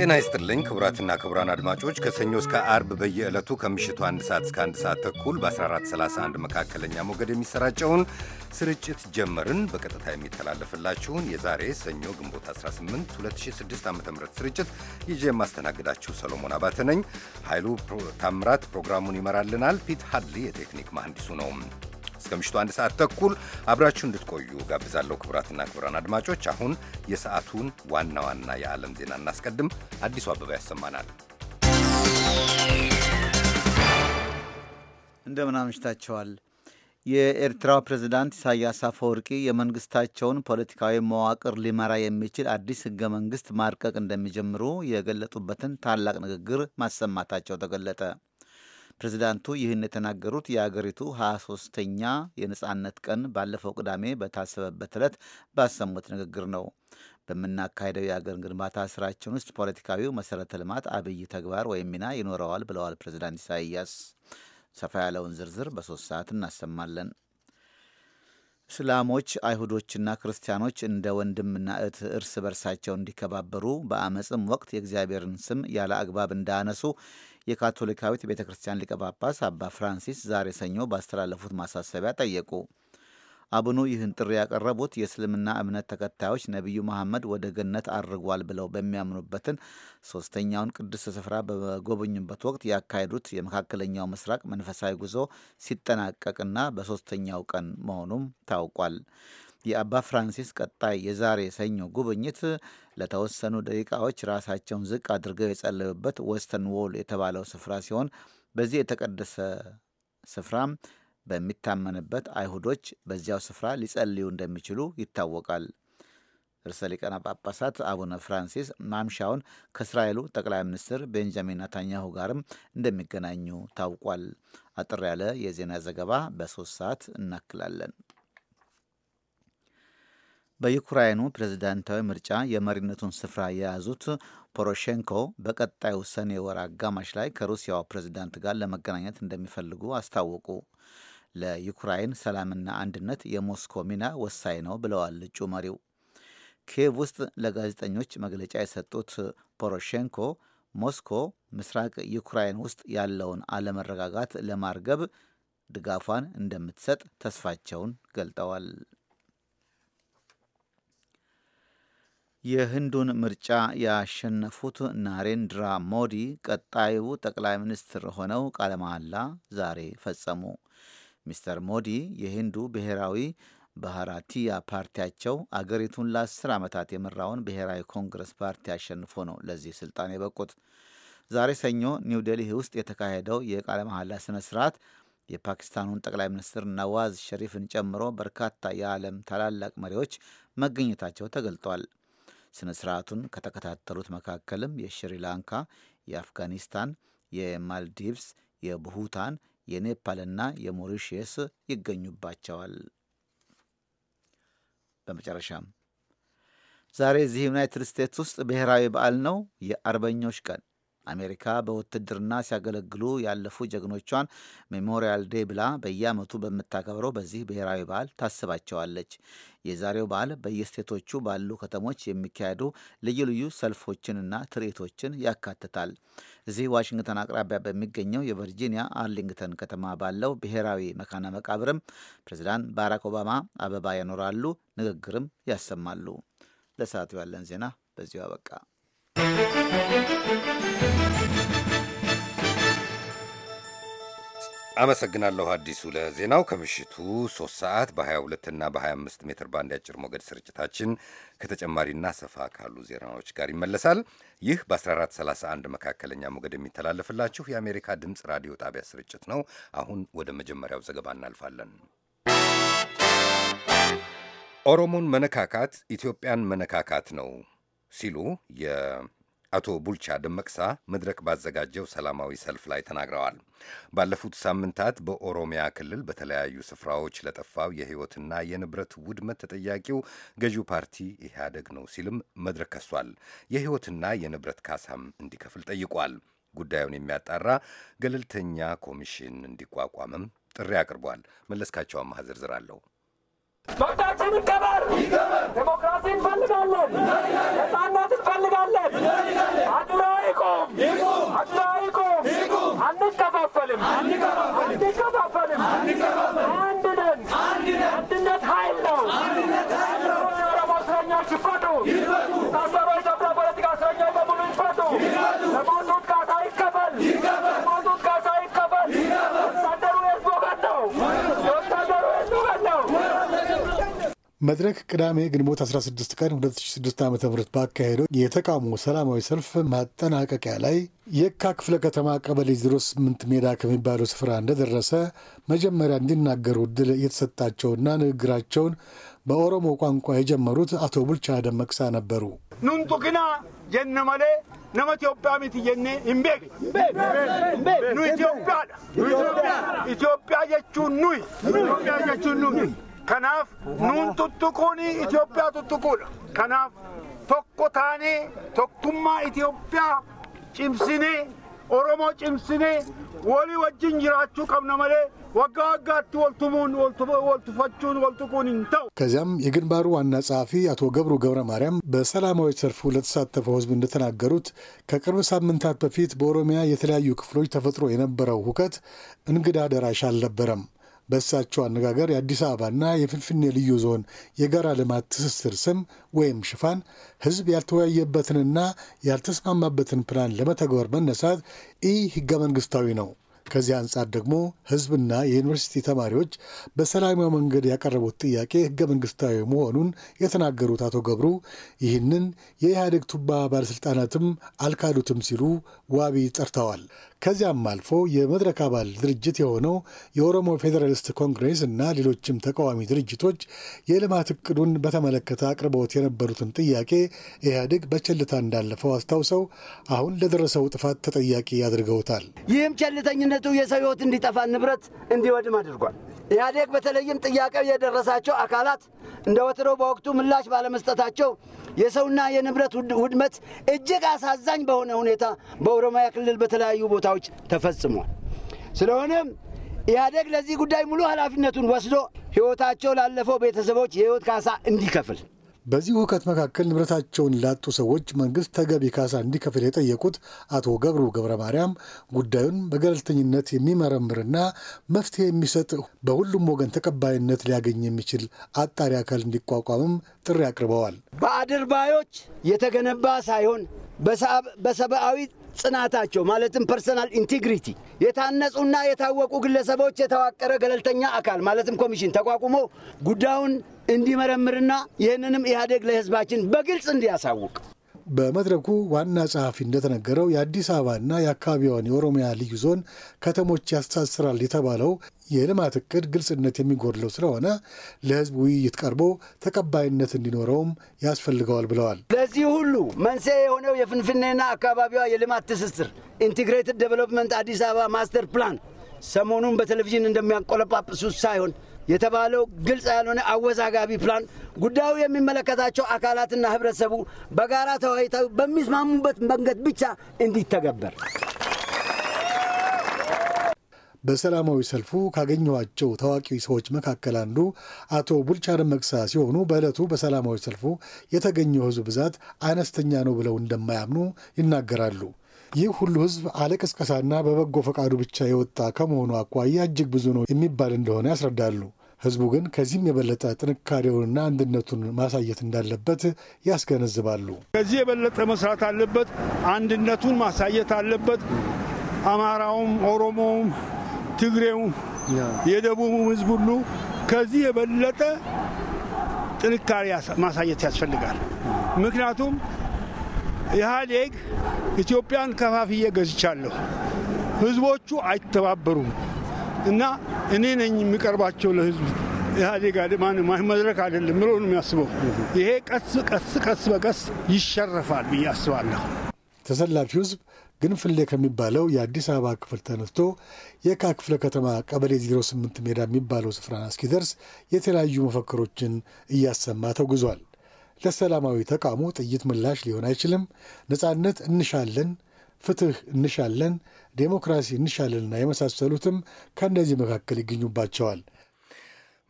ጤና ይስጥልኝ ክቡራትና ክቡራን አድማጮች ከሰኞ እስከ አርብ በየዕለቱ ከምሽቱ አንድ ሰዓት እስከ አንድ ሰዓት ተኩል በ1431 መካከለኛ ሞገድ የሚሰራጨውን ስርጭት ጀመርን። በቀጥታ የሚተላለፍላችሁን የዛሬ ሰኞ ግንቦት 18 2006 ዓ ም ስርጭት ይዤ የማስተናግዳችሁ ሰሎሞን አባተ ነኝ። ኃይሉ ታምራት ፕሮግራሙን ይመራልናል። ፒት ሀድሊ የቴክኒክ መሐንዲሱ ነው። እስከ ምሽቱ አንድ ሰዓት ተኩል አብራችሁ እንድትቆዩ ጋብዛለሁ። ክቡራትና ክቡራን አድማጮች አሁን የሰዓቱን ዋና ዋና የዓለም ዜና እናስቀድም። አዲሱ አበባ ያሰማናል። እንደምን አምሽታችኋል። የኤርትራ ፕሬዝዳንት ኢሳያስ አፈወርቂ የመንግስታቸውን ፖለቲካዊ መዋቅር ሊመራ የሚችል አዲስ ህገ መንግስት ማርቀቅ እንደሚጀምሩ የገለጡበትን ታላቅ ንግግር ማሰማታቸው ተገለጠ። ፕሬዚዳንቱ ይህን የተናገሩት የአገሪቱ 23ተኛ የነጻነት ቀን ባለፈው ቅዳሜ በታሰበበት ዕለት ባሰሙት ንግግር ነው። በምናካሄደው የአገር ግንባታ ስራችን ውስጥ ፖለቲካዊው መሰረተ ልማት አብይ ተግባር ወይም ሚና ይኖረዋል ብለዋል ፕሬዚዳንት ኢሳይያስ። ሰፋ ያለውን ዝርዝር በሶስት ሰዓት እናሰማለን። እስላሞች፣ አይሁዶችና ክርስቲያኖች እንደ ወንድምና እህት እርስ በርሳቸው እንዲከባበሩ በአመፅም ወቅት የእግዚአብሔርን ስም ያለ አግባብ እንዳያነሱ የካቶሊካዊት ቤተ ክርስቲያን ሊቀ ጳጳስ አባ ፍራንሲስ ዛሬ ሰኞ ባስተላለፉት ማሳሰቢያ ጠየቁ። አቡኑ ይህን ጥሪ ያቀረቡት የእስልምና እምነት ተከታዮች ነቢዩ መሐመድ ወደ ገነት አድርጓል ብለው በሚያምኑበትን ሶስተኛውን ቅዱስ ስፍራ በጎበኙበት ወቅት ያካሄዱት የመካከለኛው ምስራቅ መንፈሳዊ ጉዞ ሲጠናቀቅና በሶስተኛው ቀን መሆኑም ታውቋል። የአባ ፍራንሲስ ቀጣይ የዛሬ ሰኞ ጉብኝት ለተወሰኑ ደቂቃዎች ራሳቸውን ዝቅ አድርገው የጸለዩበት ወስተን ዎል የተባለው ስፍራ ሲሆን በዚህ የተቀደሰ ስፍራም በሚታመንበት አይሁዶች በዚያው ስፍራ ሊጸልዩ እንደሚችሉ ይታወቃል። እርሰ ሊቀና ጳጳሳት አቡነ ፍራንሲስ ማምሻውን ከእስራኤሉ ጠቅላይ ሚኒስትር ቤንጃሚን ናታንያሁ ጋርም እንደሚገናኙ ታውቋል። አጠር ያለ የዜና ዘገባ በሶስት ሰዓት እናክላለን። በዩክራይኑ ፕሬዝዳንታዊ ምርጫ የመሪነቱን ስፍራ የያዙት ፖሮሼንኮ በቀጣዩ ሰኔ ወር አጋማሽ ላይ ከሩሲያው ፕሬዝዳንት ጋር ለመገናኘት እንደሚፈልጉ አስታወቁ። ለዩክራይን ሰላምና አንድነት የሞስኮ ሚና ወሳኝ ነው ብለዋል እጩ መሪው። ኪየቭ ውስጥ ለጋዜጠኞች መግለጫ የሰጡት ፖሮሼንኮ ሞስኮ ምስራቅ ዩክራይን ውስጥ ያለውን አለመረጋጋት ለማርገብ ድጋፏን እንደምትሰጥ ተስፋቸውን ገልጠዋል። የህንዱን ምርጫ ያሸነፉት ናሬንድራ ሞዲ ቀጣዩ ጠቅላይ ሚኒስትር ሆነው ቃለ መሐላ ዛሬ ፈጸሙ። ሚስተር ሞዲ የህንዱ ብሔራዊ ባህራቲያ ፓርቲያቸው አገሪቱን ለአስር ዓመታት የመራውን ብሔራዊ ኮንግረስ ፓርቲ አሸንፎ ነው ለዚህ ስልጣን የበቁት። ዛሬ ሰኞ ኒው ዴልሂ ውስጥ የተካሄደው የቃለ መሐላ ስነ ስርዓት የፓኪስታኑን ጠቅላይ ሚኒስትር ነዋዝ ሸሪፍን ጨምሮ በርካታ የዓለም ታላላቅ መሪዎች መገኘታቸው ተገልጧል። ስነ ስርዓቱን ከተከታተሉት መካከልም የሽሪላንካ፣ የአፍጋኒስታን፣ የማልዲቭስ፣ የቡሁታን፣ የኔፓልና የሞሪሽየስ ይገኙባቸዋል። በመጨረሻም ዛሬ እዚህ ዩናይትድ ስቴትስ ውስጥ ብሔራዊ በዓል ነው፣ የአርበኞች ቀን አሜሪካ በውትድርና ሲያገለግሉ ያለፉ ጀግኖቿን ሜሞሪያል ዴ ብላ በየዓመቱ በምታከብረው በዚህ ብሔራዊ በዓል ታስባቸዋለች። የዛሬው በዓል በየስቴቶቹ ባሉ ከተሞች የሚካሄዱ ልዩ ልዩ ሰልፎችንና ትርኢቶችን ያካትታል። እዚህ ዋሽንግተን አቅራቢያ በሚገኘው የቨርጂኒያ አርሊንግተን ከተማ ባለው ብሔራዊ መካነ መቃብርም ፕሬዚዳንት ባራክ ኦባማ አበባ ያኖራሉ፣ ንግግርም ያሰማሉ። ለሰዓቱ ያለን ዜና በዚሁ አበቃ። አመሰግናለሁ አዲሱ ለዜናው። ከምሽቱ 3 ሰዓት በ22 እና በ25 ሜትር ባንድ ያጭር ሞገድ ስርጭታችን ከተጨማሪና ሰፋ ካሉ ዜናዎች ጋር ይመለሳል። ይህ በ1431 መካከለኛ ሞገድ የሚተላለፍላችሁ የአሜሪካ ድምፅ ራዲዮ ጣቢያ ስርጭት ነው። አሁን ወደ መጀመሪያው ዘገባ እናልፋለን። ኦሮሞን መነካካት ኢትዮጵያን መነካካት ነው ሲሉ አቶ ቡልቻ ደመቅሳ መድረክ ባዘጋጀው ሰላማዊ ሰልፍ ላይ ተናግረዋል። ባለፉት ሳምንታት በኦሮሚያ ክልል በተለያዩ ስፍራዎች ለጠፋው የሕይወትና የንብረት ውድመት ተጠያቂው ገዢው ፓርቲ ኢህአደግ ነው ሲልም መድረክ ከሷል። የሕይወትና የንብረት ካሳም እንዲከፍል ጠይቋል። ጉዳዩን የሚያጣራ ገለልተኛ ኮሚሽን እንዲቋቋምም ጥሪ አቅርቧል። መለስካቸው አማህ ዝርዝር አለው። መብታችን ይከበር። ዴሞክራሲ እንፈልጋለን። ነጻነት እንፈልጋለን። አድሎ ይቁም፣ አድሎ ይቁም። አንከፋፈልም፣ አንከፋፈልም። አንድ ነን። አንድነት ኃይል ነው። የኦሮሞ እስረኞች ይፈቱ፣ ታሰሩ የኢትዮጵያ ፖለቲካ እስረኞች በሙሉ ይፈቱ። ለሞቱት ካሳ ይከፈል፣ ለሞቱት ካሳ ይከፈል። መድረክ ቅዳሜ ግንቦት 16 ቀን 2006 ዓ ም ባካሄደው የተቃውሞ ሰላማዊ ሰልፍ ማጠናቀቂያ ላይ የካ ክፍለ ከተማ ቀበሌ 08 ሜዳ ከሚባለው ስፍራ እንደደረሰ መጀመሪያ እንዲናገሩ ዕድል የተሰጣቸውና ንግግራቸውን በኦሮሞ ቋንቋ የጀመሩት አቶ ቡልቻ ደመቅሳ ነበሩ። ኑንጡቅና ጀነ መሌ ነመ ኢትዮጵያ ሚት የነ እምቤክ ኑ ኢትዮጵያ ኢትዮጵያ ጀቹን ኑይ ኢትዮጵያ ጀቹን ኑይ Kanaaf nuun tuttuquuni Itoophiyaa tuttuquudha. Kanaaf tokko taanee tokkummaa Itoophiyaa cimsinee Oromoo cimsinee walii wajjin jiraachuu qabna malee ወጋ ወጋት ወልቱሙን ወልቱፋችሁን ወልቱቁን እንተው። ከዚያም የግንባሩ ዋና ጸሐፊ አቶ ገብሩ ገብረ ማርያም በሰላማዊ ሰልፉ ለተሳተፈው ሕዝብ እንደተናገሩት ከቅርብ ሳምንታት በፊት በኦሮሚያ የተለያዩ ክፍሎች ተፈጥሮ የነበረው ሁከት እንግዳ ደራሽ አልነበረም። በእሳቸው አነጋገር የአዲስ አበባና የፍንፍኔ ልዩ ዞን የጋራ ልማት ትስስር ስም ወይም ሽፋን ህዝብ ያልተወያየበትንና ያልተስማማበትን ፕላን ለመተግበር መነሳት ኢ ህገ መንግስታዊ ነው። ከዚህ አንጻር ደግሞ ህዝብና የዩኒቨርሲቲ ተማሪዎች በሰላማዊ መንገድ ያቀረቡት ጥያቄ ህገ መንግስታዊ መሆኑን የተናገሩት አቶ ገብሩ ይህንን የኢህአዴግ ቱባ ባለሥልጣናትም አልካዱትም ሲሉ ዋቢ ጠርተዋል። ከዚያም አልፎ የመድረክ አባል ድርጅት የሆነው የኦሮሞ ፌዴራሊስት ኮንግሬስ እና ሌሎችም ተቃዋሚ ድርጅቶች የልማት እቅዱን በተመለከተ አቅርቦት የነበሩትን ጥያቄ ኢህአዴግ በቸልታ እንዳለፈው አስታውሰው አሁን ለደረሰው ጥፋት ተጠያቂ አድርገውታል። ይህም ቸልተኝነቱ የሰው ህይወት እንዲጠፋ ንብረት እንዲወድም አድርጓል። ኢህአዴግ በተለይም ጥያቄው የደረሳቸው አካላት እንደ ወትሮ በወቅቱ ምላሽ ባለመስጠታቸው የሰውና የንብረት ውድመት እጅግ አሳዛኝ በሆነ ሁኔታ በኦሮሚያ ክልል በተለያዩ ቦታዎች ተፈጽሟል። ስለሆነም ኢህአዴግ ለዚህ ጉዳይ ሙሉ ኃላፊነቱን ወስዶ ሕይወታቸው ላለፈው ቤተሰቦች የሕይወት ካሳ እንዲከፍል በዚህ ሁከት መካከል ንብረታቸውን ላጡ ሰዎች መንግስት ተገቢ ካሳ እንዲከፍል የጠየቁት አቶ ገብሩ ገብረ ማርያም ጉዳዩን በገለልተኝነት የሚመረምርና መፍትሄ የሚሰጥ በሁሉም ወገን ተቀባይነት ሊያገኝ የሚችል አጣሪ አካል እንዲቋቋምም ጥሪ አቅርበዋል። በአድርባዮች የተገነባ ሳይሆን በሰብአዊ ጽናታቸው ማለትም ፐርሰናል ኢንቴግሪቲ የታነጹና የታወቁ ግለሰቦች የተዋቀረ ገለልተኛ አካል ማለትም ኮሚሽን ተቋቁሞ ጉዳዩን እንዲመረምርና ይህንንም ኢህአዴግ ለህዝባችን በግልጽ እንዲያሳውቅ በመድረኩ ዋና ጸሐፊ እንደተነገረው የአዲስ አበባና የአካባቢዋን የኦሮሚያ ልዩ ዞን ከተሞች ያስተሳስራል የተባለው የልማት እቅድ ግልጽነት የሚጎድለው ስለሆነ ለህዝብ ውይይት ቀርቦ ተቀባይነት እንዲኖረውም ያስፈልገዋል ብለዋል። ለዚህ ሁሉ መንስኤ የሆነው የፍንፍኔና አካባቢዋ የልማት ትስስር ኢንቲግሬትድ ዴቨሎፕመንት አዲስ አበባ ማስተር ፕላን ሰሞኑን በቴሌቪዥን እንደሚያንቆለጳጵሱ ሳይሆን የተባለው ግልጽ ያልሆነ አወዛጋቢ ፕላን ጉዳዩ የሚመለከታቸው አካላትና ህብረተሰቡ በጋራ ተወያይተው በሚስማሙበት መንገድ ብቻ እንዲተገበር በሰላማዊ ሰልፉ ካገኘኋቸው ታዋቂ ሰዎች መካከል አንዱ አቶ ቡልቻ ደመቅሳ ሲሆኑ በዕለቱ በሰላማዊ ሰልፉ የተገኘው ህዝብ ብዛት አነስተኛ ነው ብለው እንደማያምኑ ይናገራሉ። ይህ ሁሉ ህዝብ አለቀስቀሳና በበጎ ፈቃዱ ብቻ የወጣ ከመሆኑ አኳያ እጅግ ብዙ ነው የሚባል እንደሆነ ያስረዳሉ። ህዝቡ ግን ከዚህም የበለጠ ጥንካሬውንና አንድነቱን ማሳየት እንዳለበት ያስገነዝባሉ። ከዚህ የበለጠ መስራት አለበት፣ አንድነቱን ማሳየት አለበት። አማራውም፣ ኦሮሞውም፣ ትግሬውም የደቡቡም ህዝብ ሁሉ ከዚህ የበለጠ ጥንካሬ ማሳየት ያስፈልጋል። ምክንያቱም ኢህአዴግ ኢትዮጵያን ከፋፍዬ ገዝቻለሁ፣ ህዝቦቹ አይተባበሩም እና እኔ ነኝ የሚቀርባቸው ለህዝብ ኢህአዴግ ማንም መድረክ አይደለም ብሎ ነው የሚያስበው። ይሄ ቀስ ቀስ ቀስ በቀስ ይሸረፋል ብዬ አስባለሁ። ተሰላፊው ህዝብ ግንፍሌ ከሚባለው የአዲስ አበባ ክፍል ተነስቶ የካ ክፍለ ከተማ ቀበሌ 08 ሜዳ የሚባለው ስፍራ እስኪደርስ የተለያዩ መፈክሮችን እያሰማ ተጉዟል። ለሰላማዊ ተቃውሞ ጥይት ምላሽ ሊሆን አይችልም፣ ነጻነት እንሻለን ፍትህ እንሻለን፣ ዴሞክራሲ እንሻለንና የመሳሰሉትም ከእነዚህ መካከል ይገኙባቸዋል።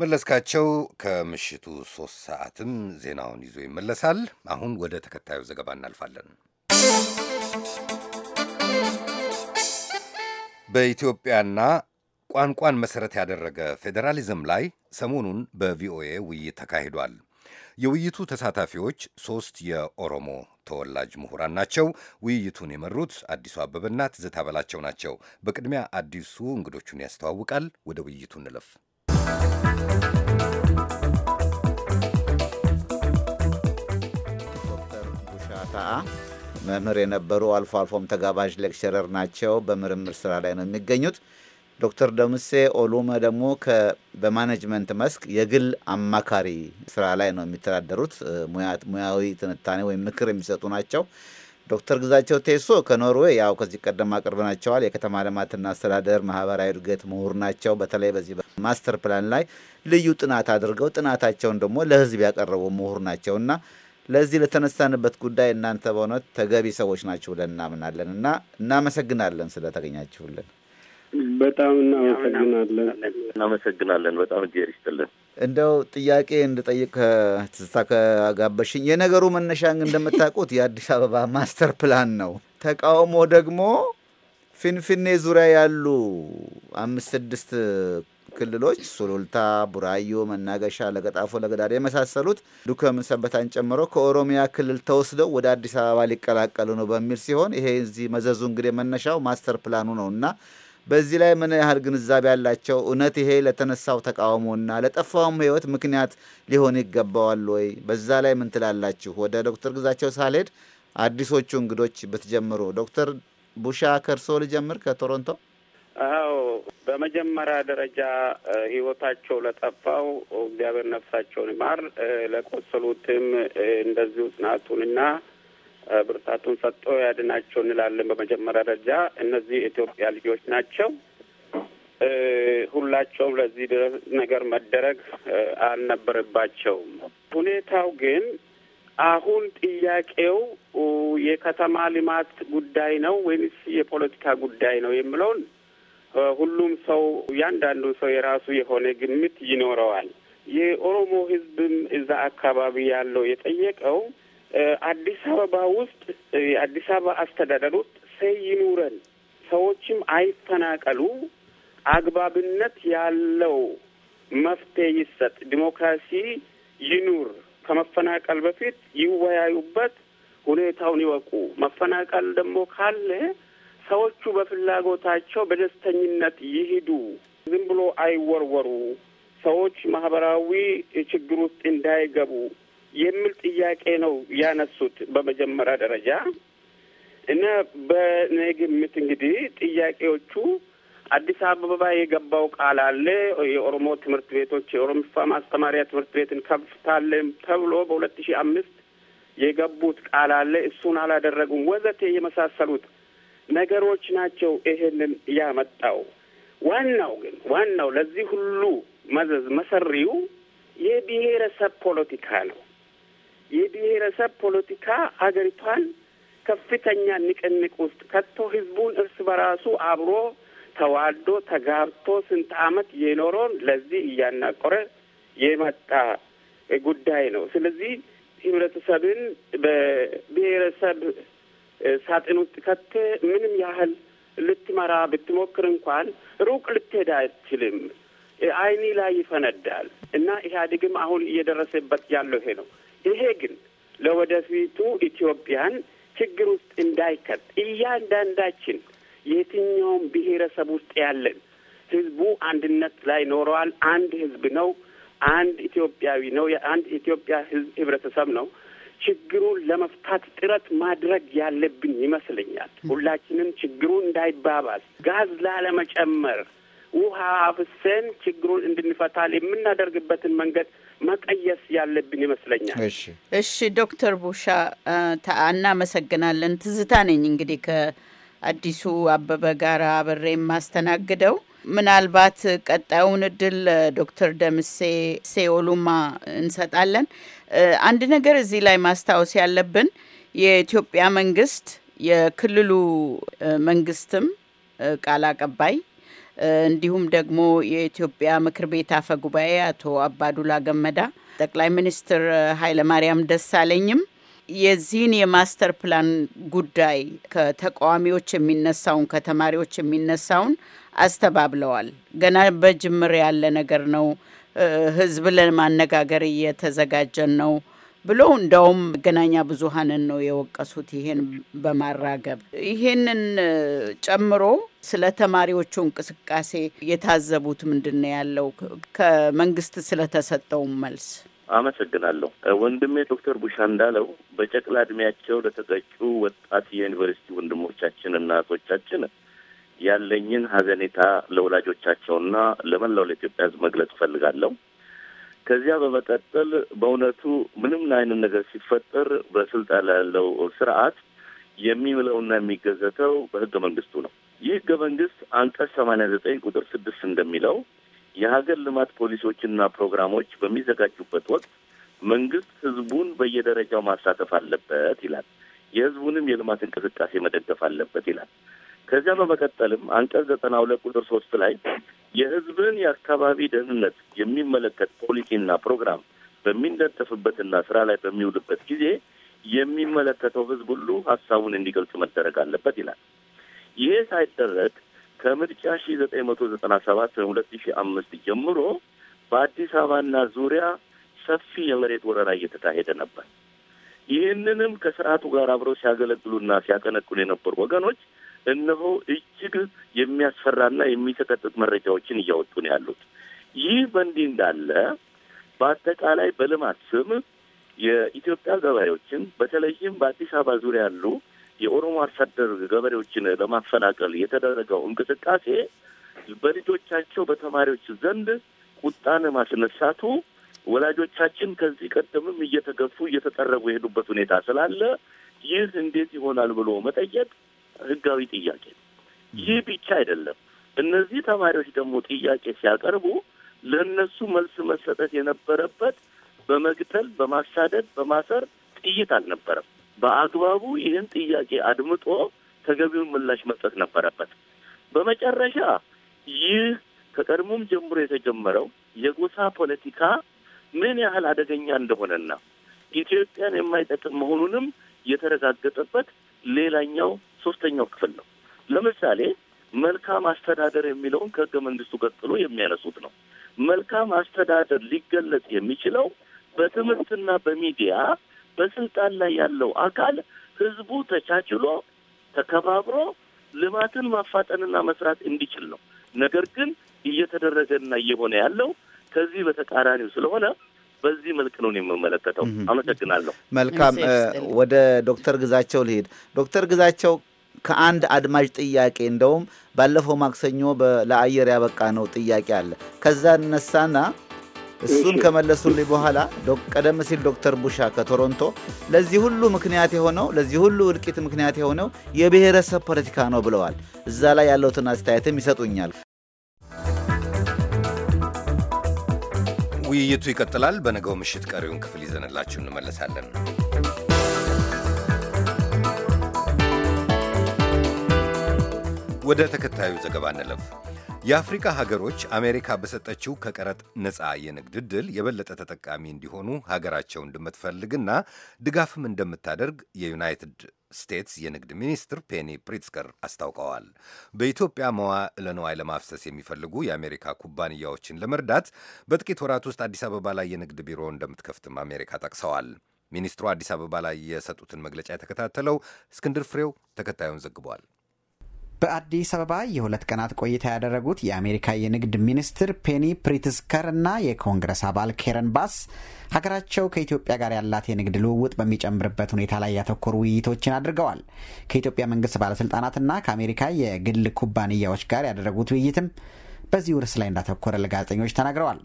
መለስካቸው ከምሽቱ ሶስት ሰዓትም ዜናውን ይዞ ይመለሳል። አሁን ወደ ተከታዩ ዘገባ እናልፋለን። በኢትዮጵያና ቋንቋን መሠረት ያደረገ ፌዴራሊዝም ላይ ሰሞኑን በቪኦኤ ውይይት ተካሂዷል። የውይይቱ ተሳታፊዎች ሶስት የኦሮሞ ተወላጅ ምሁራን ናቸው። ውይይቱን የመሩት አዲሱ አበበና ትዝታ በላቸው ናቸው። በቅድሚያ አዲሱ እንግዶቹን ያስተዋውቃል። ወደ ውይይቱ እንለፍ። ዶክተር ቡሻታ መምህር የነበሩ አልፎ አልፎም ተጋባዥ ሌክቸረር ናቸው። በምርምር ስራ ላይ ነው የሚገኙት። ዶክተር ደምሴ ኦሉመ ደግሞ በማኔጅመንት መስክ የግል አማካሪ ስራ ላይ ነው የሚተዳደሩት። ሙያዊ ትንታኔ ወይም ምክር የሚሰጡ ናቸው። ዶክተር ግዛቸው ቴሶ ከኖርዌይ ያው ከዚህ ቀደም አቅርበናቸዋል። የከተማ ልማትና አስተዳደር ማህበራዊ እድገት ምሁር ናቸው። በተለይ በዚህ ማስተር ፕላን ላይ ልዩ ጥናት አድርገው ጥናታቸውን ደግሞ ለህዝብ ያቀረቡ ምሁር ናቸው እና ለዚህ ለተነሳንበት ጉዳይ እናንተ በእውነት ተገቢ ሰዎች ናችሁ ብለን እናምናለን እና እናመሰግናለን ስለተገኛችሁልን። በጣም እናመሰግናለን። እናመሰግናለን። በጣም እግዚአብሔር ይስጥልን። እንደው ጥያቄ እንድጠይቅ ትዝታ ከጋበሽኝ፣ የነገሩ መነሻ እንደምታውቁት የአዲስ አበባ ማስተር ፕላን ነው። ተቃውሞ ደግሞ ፊንፊኔ ዙሪያ ያሉ አምስት ስድስት ክልሎች ሱሉልታ፣ ቡራዮ፣ መናገሻ፣ ለገጣፎ፣ ለገዳደ የመሳሰሉት ዱከም ሰበታን ጨምሮ ከኦሮሚያ ክልል ተወስደው ወደ አዲስ አበባ ሊቀላቀሉ ነው በሚል ሲሆን ይሄ እዚህ መዘዙ እንግዲህ መነሻው ማስተር ፕላኑ ነው እና በዚህ ላይ ምን ያህል ግንዛቤ ያላቸው፣ እውነት ይሄ ለተነሳው ተቃውሞና ለጠፋውም ህይወት ምክንያት ሊሆን ይገባዋል ወይ? በዛ ላይ ምን ትላላችሁ? ወደ ዶክተር ግዛቸው ሳልሄድ አዲሶቹ እንግዶች ብትጀምሩ፣ ዶክተር ቡሻ ከርሶ ልጀምር ከቶሮንቶ። አዎ በመጀመሪያ ደረጃ ህይወታቸው ለጠፋው እግዚአብሔር ነፍሳቸውን ይማር፣ ለቆሰሉትም እንደዚሁ ጽናቱንና ብርታቱን ሰጥቶ ያድናቸው እንላለን። በመጀመሪያ ደረጃ እነዚህ የኢትዮጵያ ልጆች ናቸው። ሁላቸውም ለዚህ ነገር መደረግ አልነበረባቸውም። ሁኔታው ግን አሁን ጥያቄው የከተማ ልማት ጉዳይ ነው ወይንስ የፖለቲካ ጉዳይ ነው የሚለውን ሁሉም ሰው እያንዳንዱ ሰው የራሱ የሆነ ግምት ይኖረዋል። የኦሮሞ ሕዝብም እዛ አካባቢ ያለው የጠየቀው አዲስ አበባ ውስጥ የአዲስ አበባ አስተዳደር ውስጥ ሰይ ይኑረን፣ ሰዎችም አይፈናቀሉ፣ አግባብነት ያለው መፍትሄ ይሰጥ፣ ዲሞክራሲ ይኑር፣ ከመፈናቀል በፊት ይወያዩበት፣ ሁኔታውን ይወቁ። መፈናቀል ደግሞ ካለ ሰዎቹ በፍላጎታቸው በደስተኝነት ይሂዱ፣ ዝም ብሎ አይወርወሩ፣ ሰዎች ማህበራዊ ችግር ውስጥ እንዳይገቡ የሚል ጥያቄ ነው ያነሱት በመጀመሪያ ደረጃ እና በእኔ ግምት እንግዲህ ጥያቄዎቹ አዲስ አበባ የገባው ቃል አለ። የኦሮሞ ትምህርት ቤቶች የኦሮምፋ ማስተማሪያ ትምህርት ቤትን ከፍታለን ተብሎ በሁለት ሺህ አምስት የገቡት ቃል አለ። እሱን አላደረጉም ወዘቴ የመሳሰሉት ነገሮች ናቸው ይሄንን ያመጣው። ዋናው ግን ዋናው ለዚህ ሁሉ መዘዝ መሰሪው የብሔረሰብ ፖለቲካ ነው። የብሔረሰብ ፖለቲካ አገሪቷን ከፍተኛ ንቅንቅ ውስጥ ከቶ ህዝቡን እርስ በራሱ አብሮ ተዋዶ ተጋብቶ ስንት አመት የኖረውን ለዚህ እያናቆረ የመጣ ጉዳይ ነው። ስለዚህ ህብረተሰብን በብሔረሰብ ሳጥን ውስጥ ከተ ምንም ያህል ልትመራ ብትሞክር እንኳን ሩቅ ልትሄድ አይችልም። አይኒ ላይ ይፈነዳል እና ኢህአዴግም አሁን እየደረሰበት ያለው ይሄ ነው። ይሄ ግን ለወደፊቱ ኢትዮጵያን ችግር ውስጥ እንዳይከት እያንዳንዳችን የትኛውም ብሔረሰብ ውስጥ ያለን ህዝቡ አንድነት ላይ ኖረዋል። አንድ ህዝብ ነው። አንድ ኢትዮጵያዊ ነው። የአንድ ኢትዮጵያ ህዝብ ህብረተሰብ ነው። ችግሩን ለመፍታት ጥረት ማድረግ ያለብን ይመስለኛል። ሁላችንም ችግሩ እንዳይባባስ ጋዝ ላለመጨመር ውሃ አፍሰን ችግሩን እንድንፈታል የምናደርግበትን መንገድ መቀየስ ያለብን ይመስለኛል። እሺ ዶክተር ቦሻ እናመሰግናለን። ትዝታ ነኝ እንግዲህ ከአዲሱ አበበ ጋር አብሬ የማስተናግደው ምናልባት ቀጣዩን እድል ዶክተር ደምሴ ሴኦሉማ እንሰጣለን። አንድ ነገር እዚህ ላይ ማስታወስ ያለብን የኢትዮጵያ መንግስት የክልሉ መንግስትም ቃል አቀባይ እንዲሁም ደግሞ የኢትዮጵያ ምክር ቤት አፈ ጉባኤ አቶ አባዱላ ገመዳ፣ ጠቅላይ ሚኒስትር ኃይለማርያም ደሳለኝም የዚህን የማስተር ፕላን ጉዳይ ከተቃዋሚዎች የሚነሳውን ከተማሪዎች የሚነሳውን አስተባብለዋል። ገና በጅምር ያለ ነገር ነው። ህዝብ ለማነጋገር እየተዘጋጀን ነው ብሎ እንዳውም መገናኛ ብዙሃንን ነው የወቀሱት ይሄን በማራገብ ይሄንን ጨምሮ ስለ ተማሪዎቹ እንቅስቃሴ የታዘቡት ምንድን ነው ያለው ከመንግስት ስለተሰጠው መልስ አመሰግናለሁ ወንድሜ ዶክተር ቡሻ እንዳለው በጨቅላ እድሜያቸው ለተጠጩ ወጣት የዩኒቨርሲቲ ወንድሞቻችን እና እህቶቻችን ያለኝን ሀዘኔታ ለወላጆቻቸውና ለመላው ለኢትዮጵያ ሕዝብ መግለጽ እፈልጋለሁ። ከዚያ በመቀጠል በእውነቱ ምንም አይነት ነገር ሲፈጠር በስልጣን ላይ ያለው ስርዓት የሚምለውና የሚገዘተው በህገ መንግስቱ ነው። ይህ ህገ መንግስት አንቀጽ ሰማንያ ዘጠኝ ቁጥር ስድስት እንደሚለው የሀገር ልማት ፖሊሲዎችና ፕሮግራሞች በሚዘጋጁበት ወቅት መንግስት ህዝቡን በየደረጃው ማሳተፍ አለበት ይላል። የህዝቡንም የልማት እንቅስቃሴ መደገፍ አለበት ይላል። ከዚያ በመቀጠልም አንቀጽ ዘጠና ሁለት ቁጥር ሶስት ላይ የህዝብን የአካባቢ ደህንነት የሚመለከት ፖሊሲና ፕሮግራም በሚነደፍበትና ስራ ላይ በሚውልበት ጊዜ የሚመለከተው ህዝብ ሁሉ ሀሳቡን እንዲገልጽ መደረግ አለበት ይላል። ይሄ ሳይደረግ ከምርጫ ሺ ዘጠኝ መቶ ዘጠና ሰባት ሁለት ሺ አምስት ጀምሮ በአዲስ አበባና ዙሪያ ሰፊ የመሬት ወረራ እየተካሄደ ነበር። ይህንንም ከስርዓቱ ጋር አብረው ሲያገለግሉና ሲያቀነቅሉ የነበሩ ወገኖች እነሆ እጅግ የሚያስፈራና የሚሰቀጥጥ መረጃዎችን እያወጡ ነው ያሉት። ይህ በእንዲህ እንዳለ በአጠቃላይ በልማት ስም የኢትዮጵያ ገበሬዎችን በተለይም በአዲስ አበባ ዙሪያ ያሉ የኦሮሞ አርሶ አደር ገበሬዎችን ለማፈናቀል የተደረገው እንቅስቃሴ በልጆቻቸው በተማሪዎች ዘንድ ቁጣን ማስነሳቱ ወላጆቻችን ከዚህ ቀደምም እየተገፉ እየተጠረጉ የሄዱበት ሁኔታ ስላለ ይህ እንዴት ይሆናል ብሎ መጠየቅ ህጋዊ ጥያቄ ነው። ይህ ብቻ አይደለም። እነዚህ ተማሪዎች ደግሞ ጥያቄ ሲያቀርቡ ለእነሱ መልስ መሰጠት የነበረበት በመግተል በማሳደድ፣ በማሰር ጥይት አልነበረም። በአግባቡ ይህን ጥያቄ አድምጦ ተገቢውን ምላሽ መስጠት ነበረበት። በመጨረሻ ይህ ከቀድሞም ጀምሮ የተጀመረው የጎሳ ፖለቲካ ምን ያህል አደገኛ እንደሆነና ኢትዮጵያን የማይጠቅም መሆኑንም የተረጋገጠበት ሌላኛው ሶስተኛው ክፍል ነው። ለምሳሌ መልካም አስተዳደር የሚለውን ከህገ መንግስቱ ቀጥሎ የሚያነሱት ነው። መልካም አስተዳደር ሊገለጽ የሚችለው በትምህርትና በሚዲያ በስልጣን ላይ ያለው አካል ህዝቡ ተቻችሎ ተከባብሮ ልማትን ማፋጠንና መስራት እንዲችል ነው። ነገር ግን እየተደረገና እየሆነ ያለው ከዚህ በተቃራኒው ስለሆነ በዚህ መልክ ነው የምመለከተው። አመሰግናለሁ። መልካም ወደ ዶክተር ግዛቸው ልሄድ። ዶክተር ግዛቸው ከአንድ አድማጭ ጥያቄ እንደውም ባለፈው ማክሰኞ ለአየር ያበቃ ነው ጥያቄ አለ። ከዛ እነሳና እሱን ከመለሱልኝ በኋላ ቀደም ሲል ዶክተር ቡሻ ከቶሮንቶ ለዚህ ሁሉ ምክንያት የሆነው ለዚህ ሁሉ እልቂት ምክንያት የሆነው የብሔረሰብ ፖለቲካ ነው ብለዋል። እዛ ላይ ያለውትን አስተያየትም ይሰጡኛል። ውይይቱ ይቀጥላል። በነገው ምሽት ቀሪውን ክፍል ይዘንላችሁ እንመለሳለን። ወደ ተከታዩ ዘገባ እንለፍ። የአፍሪካ ሀገሮች አሜሪካ በሰጠችው ከቀረጥ ነፃ የንግድ ዕድል የበለጠ ተጠቃሚ እንዲሆኑ ሀገራቸው እንደምትፈልግና ድጋፍም እንደምታደርግ የዩናይትድ ስቴትስ የንግድ ሚኒስትር ፔኒ ፕሪትስከር አስታውቀዋል። በኢትዮጵያ መዋዕለ ንዋይ ለማፍሰስ የሚፈልጉ የአሜሪካ ኩባንያዎችን ለመርዳት በጥቂት ወራት ውስጥ አዲስ አበባ ላይ የንግድ ቢሮ እንደምትከፍትም አሜሪካ ጠቅሰዋል። ሚኒስትሩ አዲስ አበባ ላይ የሰጡትን መግለጫ የተከታተለው እስክንድር ፍሬው ተከታዩን ዘግቧል። በአዲስ አበባ የሁለት ቀናት ቆይታ ያደረጉት የአሜሪካ የንግድ ሚኒስትር ፔኒ ፕሪትስከር እና የኮንግረስ አባል ኬረን ባስ ሀገራቸው ከኢትዮጵያ ጋር ያላት የንግድ ልውውጥ በሚጨምርበት ሁኔታ ላይ ያተኮሩ ውይይቶችን አድርገዋል። ከኢትዮጵያ መንግስት ባለስልጣናትና ከአሜሪካ የግል ኩባንያዎች ጋር ያደረጉት ውይይትም በዚሁ ርዕስ ላይ እንዳተኮረ ለጋዜጠኞች ተናግረዋል።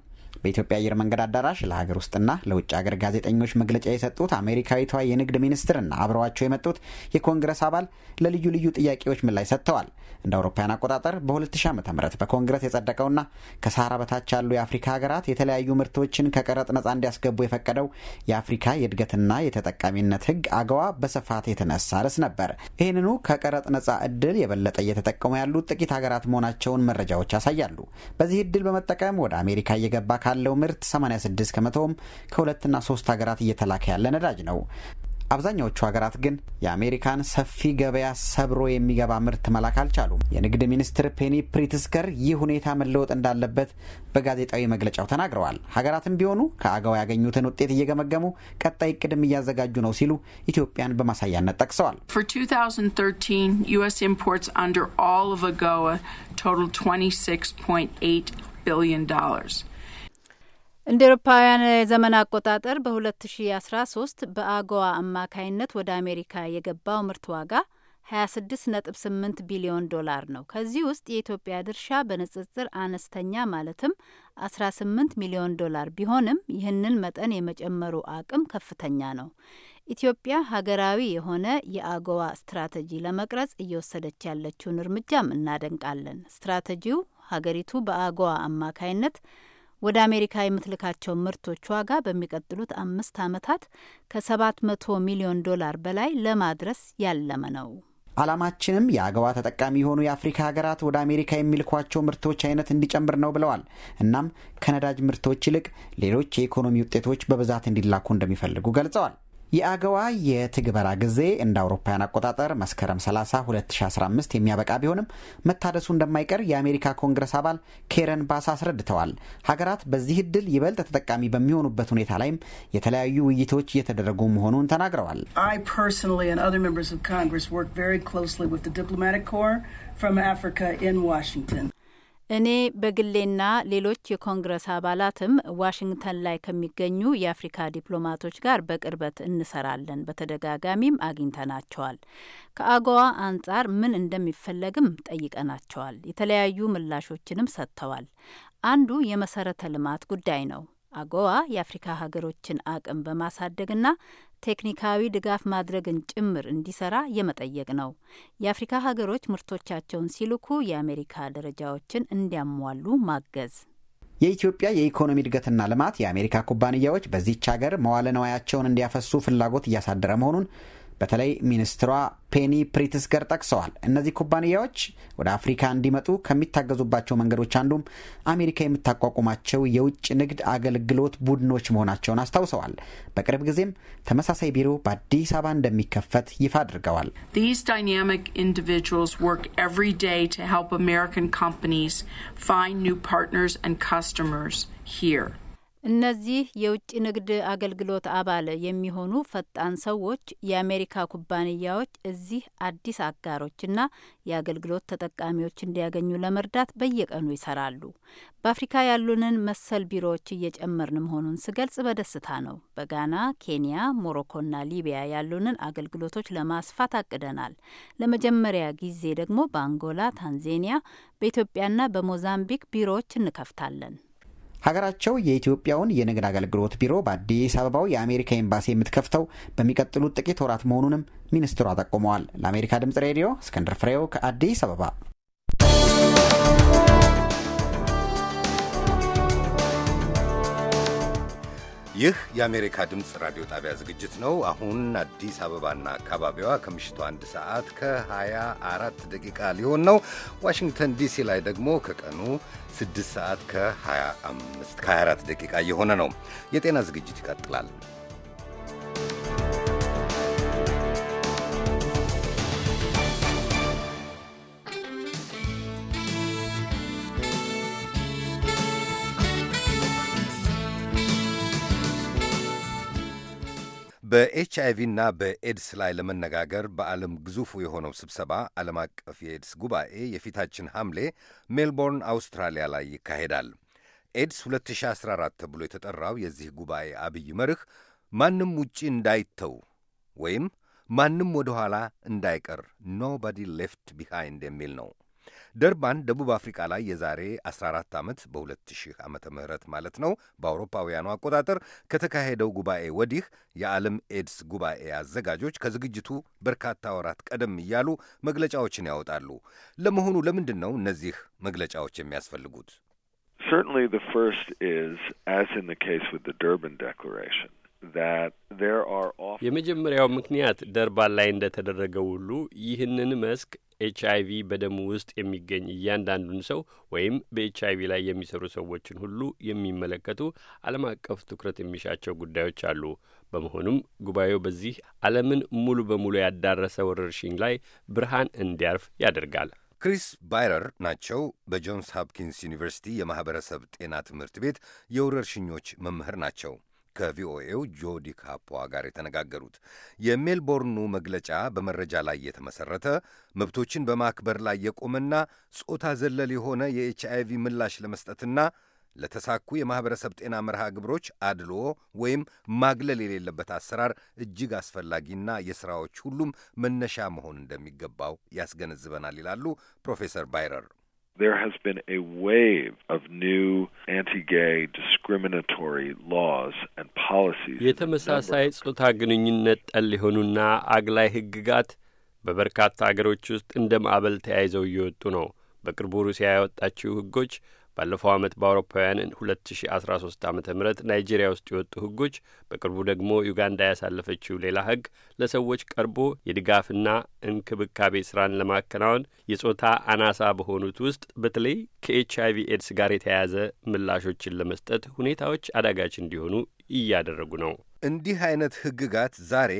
በኢትዮጵያ አየር መንገድ አዳራሽ ለሀገር ውስጥና ለውጭ ሀገር ጋዜጠኞች መግለጫ የሰጡት አሜሪካዊቷ የንግድ ሚኒስትርና አብረዋቸው የመጡት የኮንግረስ አባል ለልዩ ልዩ ጥያቄዎች ምላሽ ሰጥተዋል። እንደ አውሮፓውያን አቆጣጠር በ2000 ዓ ም በኮንግረስ የጸደቀውና ከሳራ በታች ያሉ የአፍሪካ ሀገራት የተለያዩ ምርቶችን ከቀረጥ ነጻ እንዲያስገቡ የፈቀደው የአፍሪካ የእድገትና የተጠቃሚነት ህግ አገዋ በስፋት የተነሳ ርዕስ ነበር። ይህንኑ ከቀረጥ ነጻ እድል የበለጠ እየተጠቀሙ ያሉት ጥቂት ሀገራት መሆናቸውን መረጃዎች ያሳያሉ። በዚህ እድል በመጠቀም ወደ አሜሪካ እየገባ ካለው ምርት 86 ከመቶውም ከሁለትና ሶስት ሀገራት እየተላከ ያለ ነዳጅ ነው። አብዛኛዎቹ ሀገራት ግን የአሜሪካን ሰፊ ገበያ ሰብሮ የሚገባ ምርት መላክ አልቻሉም። የንግድ ሚኒስትር ፔኒ ፕሪትስከር ይህ ሁኔታ መለወጥ እንዳለበት በጋዜጣዊ መግለጫው ተናግረዋል። ሀገራትም ቢሆኑ ከአገው ያገኙትን ውጤት እየገመገሙ ቀጣይ እቅድም እያዘጋጁ ነው ሲሉ ኢትዮጵያን በማሳያነት ጠቅሰዋል። ዩስ እንደ ኤሮፓውያን የዘመን አቆጣጠር በ2013 በአጎዋ አማካይነት ወደ አሜሪካ የገባው ምርት ዋጋ 26.8 ቢሊዮን ዶላር ነው። ከዚህ ውስጥ የኢትዮጵያ ድርሻ በንጽጽር አነስተኛ ማለትም 18 ሚሊዮን ዶላር ቢሆንም ይህንን መጠን የመጨመሩ አቅም ከፍተኛ ነው። ኢትዮጵያ ሀገራዊ የሆነ የአጎዋ ስትራቴጂ ለመቅረጽ እየወሰደች ያለችውን እርምጃም እናደንቃለን። ስትራቴጂው ሀገሪቱ በአጎዋ አማካይነት ወደ አሜሪካ የምትልካቸው ምርቶች ዋጋ በሚቀጥሉት አምስት ዓመታት ከ700 ሚሊዮን ዶላር በላይ ለማድረስ ያለመ ነው። ዓላማችንም የአገዋ ተጠቃሚ የሆኑ የአፍሪካ ሀገራት ወደ አሜሪካ የሚልኳቸው ምርቶች አይነት እንዲጨምር ነው ብለዋል። እናም ከነዳጅ ምርቶች ይልቅ ሌሎች የኢኮኖሚ ውጤቶች በብዛት እንዲላኩ እንደሚፈልጉ ገልጸዋል። የአገዋ የትግበራ ጊዜ እንደ አውሮፓውያን አቆጣጠር መስከረም 30 2015 የሚያበቃ ቢሆንም መታደሱ እንደማይቀር የአሜሪካ ኮንግረስ አባል ኬረን ባስ አስረድተዋል። ሀገራት በዚህ እድል ይበልጥ ተጠቃሚ በሚሆኑበት ሁኔታ ላይም የተለያዩ ውይይቶች እየተደረጉ መሆኑን ተናግረዋል። እኔ በግሌና ሌሎች የኮንግረስ አባላትም ዋሽንግተን ላይ ከሚገኙ የአፍሪካ ዲፕሎማቶች ጋር በቅርበት እንሰራለን። በተደጋጋሚም አግኝተናቸዋል። ከአገዋ አንጻር ምን እንደሚፈለግም ጠይቀናቸዋል። የተለያዩ ምላሾችንም ሰጥተዋል። አንዱ የመሰረተ ልማት ጉዳይ ነው። አጎዋ የአፍሪካ ሀገሮችን አቅም በማሳደግና ቴክኒካዊ ድጋፍ ማድረግን ጭምር እንዲሰራ የመጠየቅ ነው። የአፍሪካ ሀገሮች ምርቶቻቸውን ሲልኩ የአሜሪካ ደረጃዎችን እንዲያሟሉ ማገዝ። የኢትዮጵያ የኢኮኖሚ እድገትና ልማት የአሜሪካ ኩባንያዎች በዚች ሀገር መዋለ ነዋያቸውን እንዲያፈሱ ፍላጎት እያሳደረ መሆኑን በተለይ ሚኒስትሯ ፔኒ ፕሪትስገር ጠቅሰዋል። እነዚህ ኩባንያዎች ወደ አፍሪካ እንዲመጡ ከሚታገዙባቸው መንገዶች አንዱም አሜሪካ የምታቋቁማቸው የውጭ ንግድ አገልግሎት ቡድኖች መሆናቸውን አስታውሰዋል። በቅርብ ጊዜም ተመሳሳይ ቢሮ በአዲስ አበባ እንደሚከፈት ይፋ አድርገዋል። ሪስ እነዚህ የውጭ ንግድ አገልግሎት አባል የሚሆኑ ፈጣን ሰዎች የአሜሪካ ኩባንያዎች እዚህ አዲስ አጋሮችና የአገልግሎት ተጠቃሚዎች እንዲያገኙ ለመርዳት በየቀኑ ይሰራሉ። በአፍሪካ ያሉንን መሰል ቢሮዎች እየጨመርን መሆኑን ስገልጽ በደስታ ነው። በጋና፣ ኬንያ፣ ሞሮኮና ሊቢያ ያሉንን አገልግሎቶች ለማስፋት አቅደናል። ለመጀመሪያ ጊዜ ደግሞ በአንጎላ፣ ታንዜኒያ፣ በኢትዮጵያና በሞዛምቢክ ቢሮዎች እንከፍታለን። ሀገራቸው የኢትዮጵያውን የንግድ አገልግሎት ቢሮ በአዲስ አበባው የአሜሪካ ኤምባሲ የምትከፍተው በሚቀጥሉት ጥቂት ወራት መሆኑንም ሚኒስትሯ ጠቁመዋል። ለአሜሪካ ድምጽ ሬዲዮ እስክንድር ፍሬው ከአዲስ አበባ ይህ የአሜሪካ ድምፅ ራዲዮ ጣቢያ ዝግጅት ነው። አሁን አዲስ አበባና አካባቢዋ ከምሽቱ አንድ ሰዓት ከ24 ደቂቃ ሊሆን ነው። ዋሽንግተን ዲሲ ላይ ደግሞ ከቀኑ 6 ሰዓት ከ 24 ደቂቃ እየሆነ ነው። የጤና ዝግጅት ይቀጥላል። በኤች አይቪና በኤድስ ላይ ለመነጋገር በዓለም ግዙፉ የሆነው ስብሰባ ዓለም አቀፍ የኤድስ ጉባኤ የፊታችን ሐምሌ ሜልቦርን አውስትራሊያ ላይ ይካሄዳል። ኤድስ 2014 ተብሎ የተጠራው የዚህ ጉባኤ አብይ መርህ ማንም ውጪ እንዳይተው ወይም ማንም ወደ ኋላ እንዳይቀር ኖባዲ ሌፍት ቢሃይንድ የሚል ነው። ደርባን ደቡብ አፍሪካ ላይ የዛሬ 14 ዓመት በ2000 ዓ ምህረት ማለት ነው በአውሮፓውያኑ አቆጣጠር ከተካሄደው ጉባኤ ወዲህ የዓለም ኤድስ ጉባኤ አዘጋጆች ከዝግጅቱ በርካታ ወራት ቀደም እያሉ መግለጫዎችን ያወጣሉ። ለመሆኑ ለምንድን ነው እነዚህ መግለጫዎች የሚያስፈልጉት? Certainly, the first is, as in the case with the Durban Declaration, that there are often... የመጀመሪያው ምክንያት ደርባን ላይ እንደተደረገው ሁሉ ይህንን መስክ ኤች አይ ቪ በደሙ ውስጥ የሚገኝ እያንዳንዱን ሰው ወይም በኤች አይ ቪ ላይ የሚሰሩ ሰዎችን ሁሉ የሚመለከቱ ዓለም አቀፍ ትኩረት የሚሻቸው ጉዳዮች አሉ። በመሆኑም ጉባኤው በዚህ ዓለምን ሙሉ በሙሉ ያዳረሰ ወረርሽኝ ላይ ብርሃን እንዲያርፍ ያደርጋል። ክሪስ ባይረር ናቸው። በጆንስ ሆፕኪንስ ዩኒቨርሲቲ የማኅበረሰብ ጤና ትምህርት ቤት የወረርሽኞች መምህር ናቸው። ከቪኦኤው ጆዲ ካፖዋ ጋር የተነጋገሩት። የሜልቦርኑ መግለጫ በመረጃ ላይ የተመሰረተ መብቶችን በማክበር ላይ የቆመና ጾታ ዘለል የሆነ የኤች አይ ቪ ምላሽ ለመስጠትና ለተሳኩ የማኅበረሰብ ጤና መርሃ ግብሮች አድልዎ ወይም ማግለል የሌለበት አሰራር እጅግ አስፈላጊና የሥራዎች ሁሉም መነሻ መሆን እንደሚገባው ያስገነዝበናል ይላሉ ፕሮፌሰር ባይረር። There has been a wave of new anti-gay discriminatory laws and policies. የተመሳሳይ ጾታ ግንኙነት ጠል የሆኑና አግላይ ሕግጋት በበርካታ አገሮች ውስጥ እንደ ማዕበል ተያይዘው እየወጡ ነው። በቅርቡ ሩሲያ ያወጣችው ህጎች። ባለፈው ዓመት በአውሮፓውያን 2013 ዓ ም ናይጄሪያ ውስጥ የወጡ ህጎች፣ በቅርቡ ደግሞ ዩጋንዳ ያሳለፈችው ሌላ ህግ ለሰዎች ቀርቦ የድጋፍና እንክብካቤ ስራን ለማከናወን የጾታ አናሳ በሆኑት ውስጥ በተለይ ከኤች አይቪ ኤድስ ጋር የተያያዘ ምላሾችን ለመስጠት ሁኔታዎች አዳጋች እንዲሆኑ እያደረጉ ነው። እንዲህ አይነት ህግጋት ዛሬ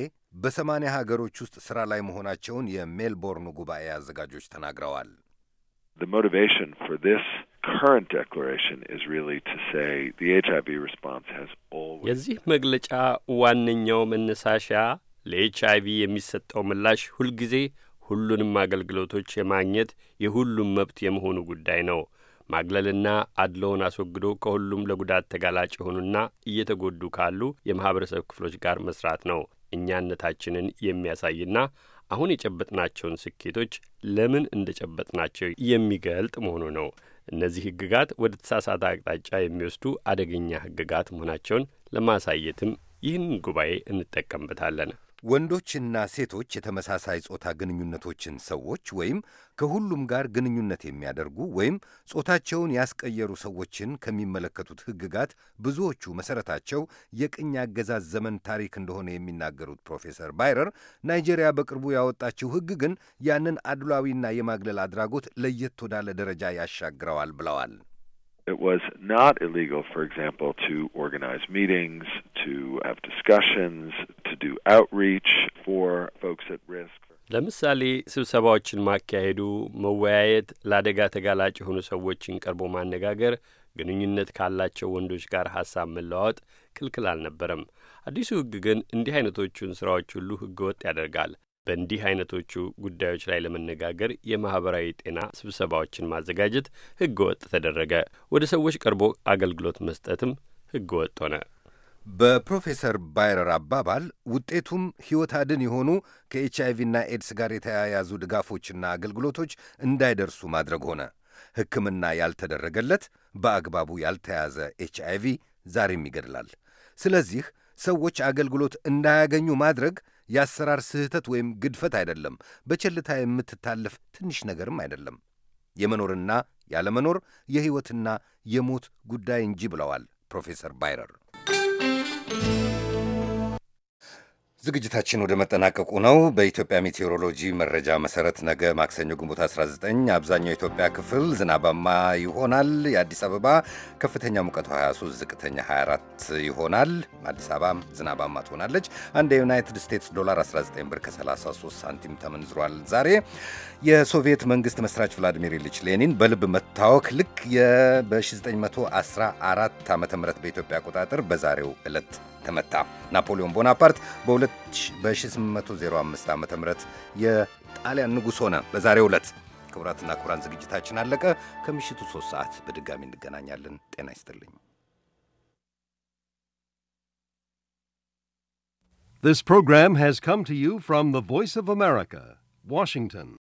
በሰማንያ ሀገሮች ውስጥ ስራ ላይ መሆናቸውን የሜልቦርኑ ጉባኤ አዘጋጆች ተናግረዋል። The motivation for this current declaration is really to say the HIV response has always የዚህ መግለጫ ዋነኛው መነሳሻ ለኤች የሚሰጠው ምላሽ ሁልጊዜ ሁሉንም አገልግሎቶች የማግኘት የሁሉም መብት የመሆኑ ጉዳይ ነው። ማግለልና አድሎውን አስወግዶ ከሁሉም ለጉዳት ተጋላጭ የሆኑና እየተጎዱ ካሉ የማህበረሰብ ክፍሎች ጋር መስራት ነው እኛነታችንን የሚያሳይና አሁን የጨበጥናቸውን ስኬቶች ለምን እንደጨበጥናቸው የሚገልጥ መሆኑ ነው። እነዚህ ህግጋት ወደ ተሳሳተ አቅጣጫ የሚወስዱ አደገኛ ህግጋት መሆናቸውን ለማሳየትም ይህንን ጉባኤ እንጠቀምበታለን። ወንዶችና ሴቶች የተመሳሳይ ጾታ ግንኙነቶችን ሰዎች ወይም ከሁሉም ጋር ግንኙነት የሚያደርጉ ወይም ጾታቸውን ያስቀየሩ ሰዎችን ከሚመለከቱት ሕግጋት ብዙዎቹ መሠረታቸው የቅኝ አገዛዝ ዘመን ታሪክ እንደሆነ የሚናገሩት ፕሮፌሰር ባይረር ናይጄሪያ በቅርቡ ያወጣችው ሕግ ግን ያንን አድሏዊና የማግለል አድራጎት ለየት ወዳለ ደረጃ ያሻግረዋል ብለዋል። It was not illegal, for example, to organize meetings, to have discussions, to do outreach for folks at risk. ለምሳሌ ስብሰባዎችን ማካሄዱ፣ መወያየት፣ ለአደጋ ተጋላጭ የሆኑ ሰዎችን ቀርቦ ማነጋገር፣ ግንኙነት ካላቸው ወንዶች ጋር ሀሳብ መለዋወጥ ክልክል አልነበረም። አዲሱ ሕግ ግን እንዲህ አይነቶቹን ስራዎች ሁሉ ሕገ ወጥ ያደርጋል። በእንዲህ አይነቶቹ ጉዳዮች ላይ ለመነጋገር የማህበራዊ ጤና ስብሰባዎችን ማዘጋጀት ህገ ወጥ ተደረገ። ወደ ሰዎች ቀርቦ አገልግሎት መስጠትም ህገ ወጥ ሆነ። በፕሮፌሰር ባይረር አባባል ውጤቱም ሕይወት አድን የሆኑ ከኤች ቪና ኤድስ ጋር የተያያዙ ድጋፎችና አገልግሎቶች እንዳይደርሱ ማድረግ ሆነ። ሕክምና ያልተደረገለት በአግባቡ ያልተያዘ ኤች ቪ ዛሬም ይገድላል። ስለዚህ ሰዎች አገልግሎት እንዳያገኙ ማድረግ የአሰራር ስህተት ወይም ግድፈት አይደለም። በቸልታ የምትታለፍ ትንሽ ነገርም አይደለም። የመኖርና ያለመኖር የሕይወትና የሞት ጉዳይ እንጂ ብለዋል ፕሮፌሰር ባይረር። ዝግጅታችን ወደ መጠናቀቁ ነው። በኢትዮጵያ ሜቴሮሎጂ መረጃ መሰረት ነገ ማክሰኞ ግንቦት 19 አብዛኛው የኢትዮጵያ ክፍል ዝናባማ ይሆናል። የአዲስ አበባ ከፍተኛ ሙቀቱ 23፣ ዝቅተኛ 24 ይሆናል። አዲስ አበባ ዝናባማ ትሆናለች። አንድ የዩናይትድ ስቴትስ ዶላር 19 ብር ከ33 ሳንቲም ተመንዝሯል። ዛሬ የሶቪየት መንግስት መስራች ቭላዲሚር ኢሊች ሌኒን በልብ መታወክ ልክ በ1914 ዓ ም በኢትዮጵያ አቆጣጠር በዛሬው ዕለት ተመታ። ናፖሊዮን ቦናፓርት በ1805 ዓ ም የጣሊያን ንጉሥ ሆነ። በዛሬ ዕለት ክቡራትና ክቡራን ዝግጅታችን አለቀ። ከምሽቱ ሶስት ሰዓት በድጋሚ እንገናኛለን። ጤና ይስጥልኝ። This program has come to you from the Voice of America, Washington.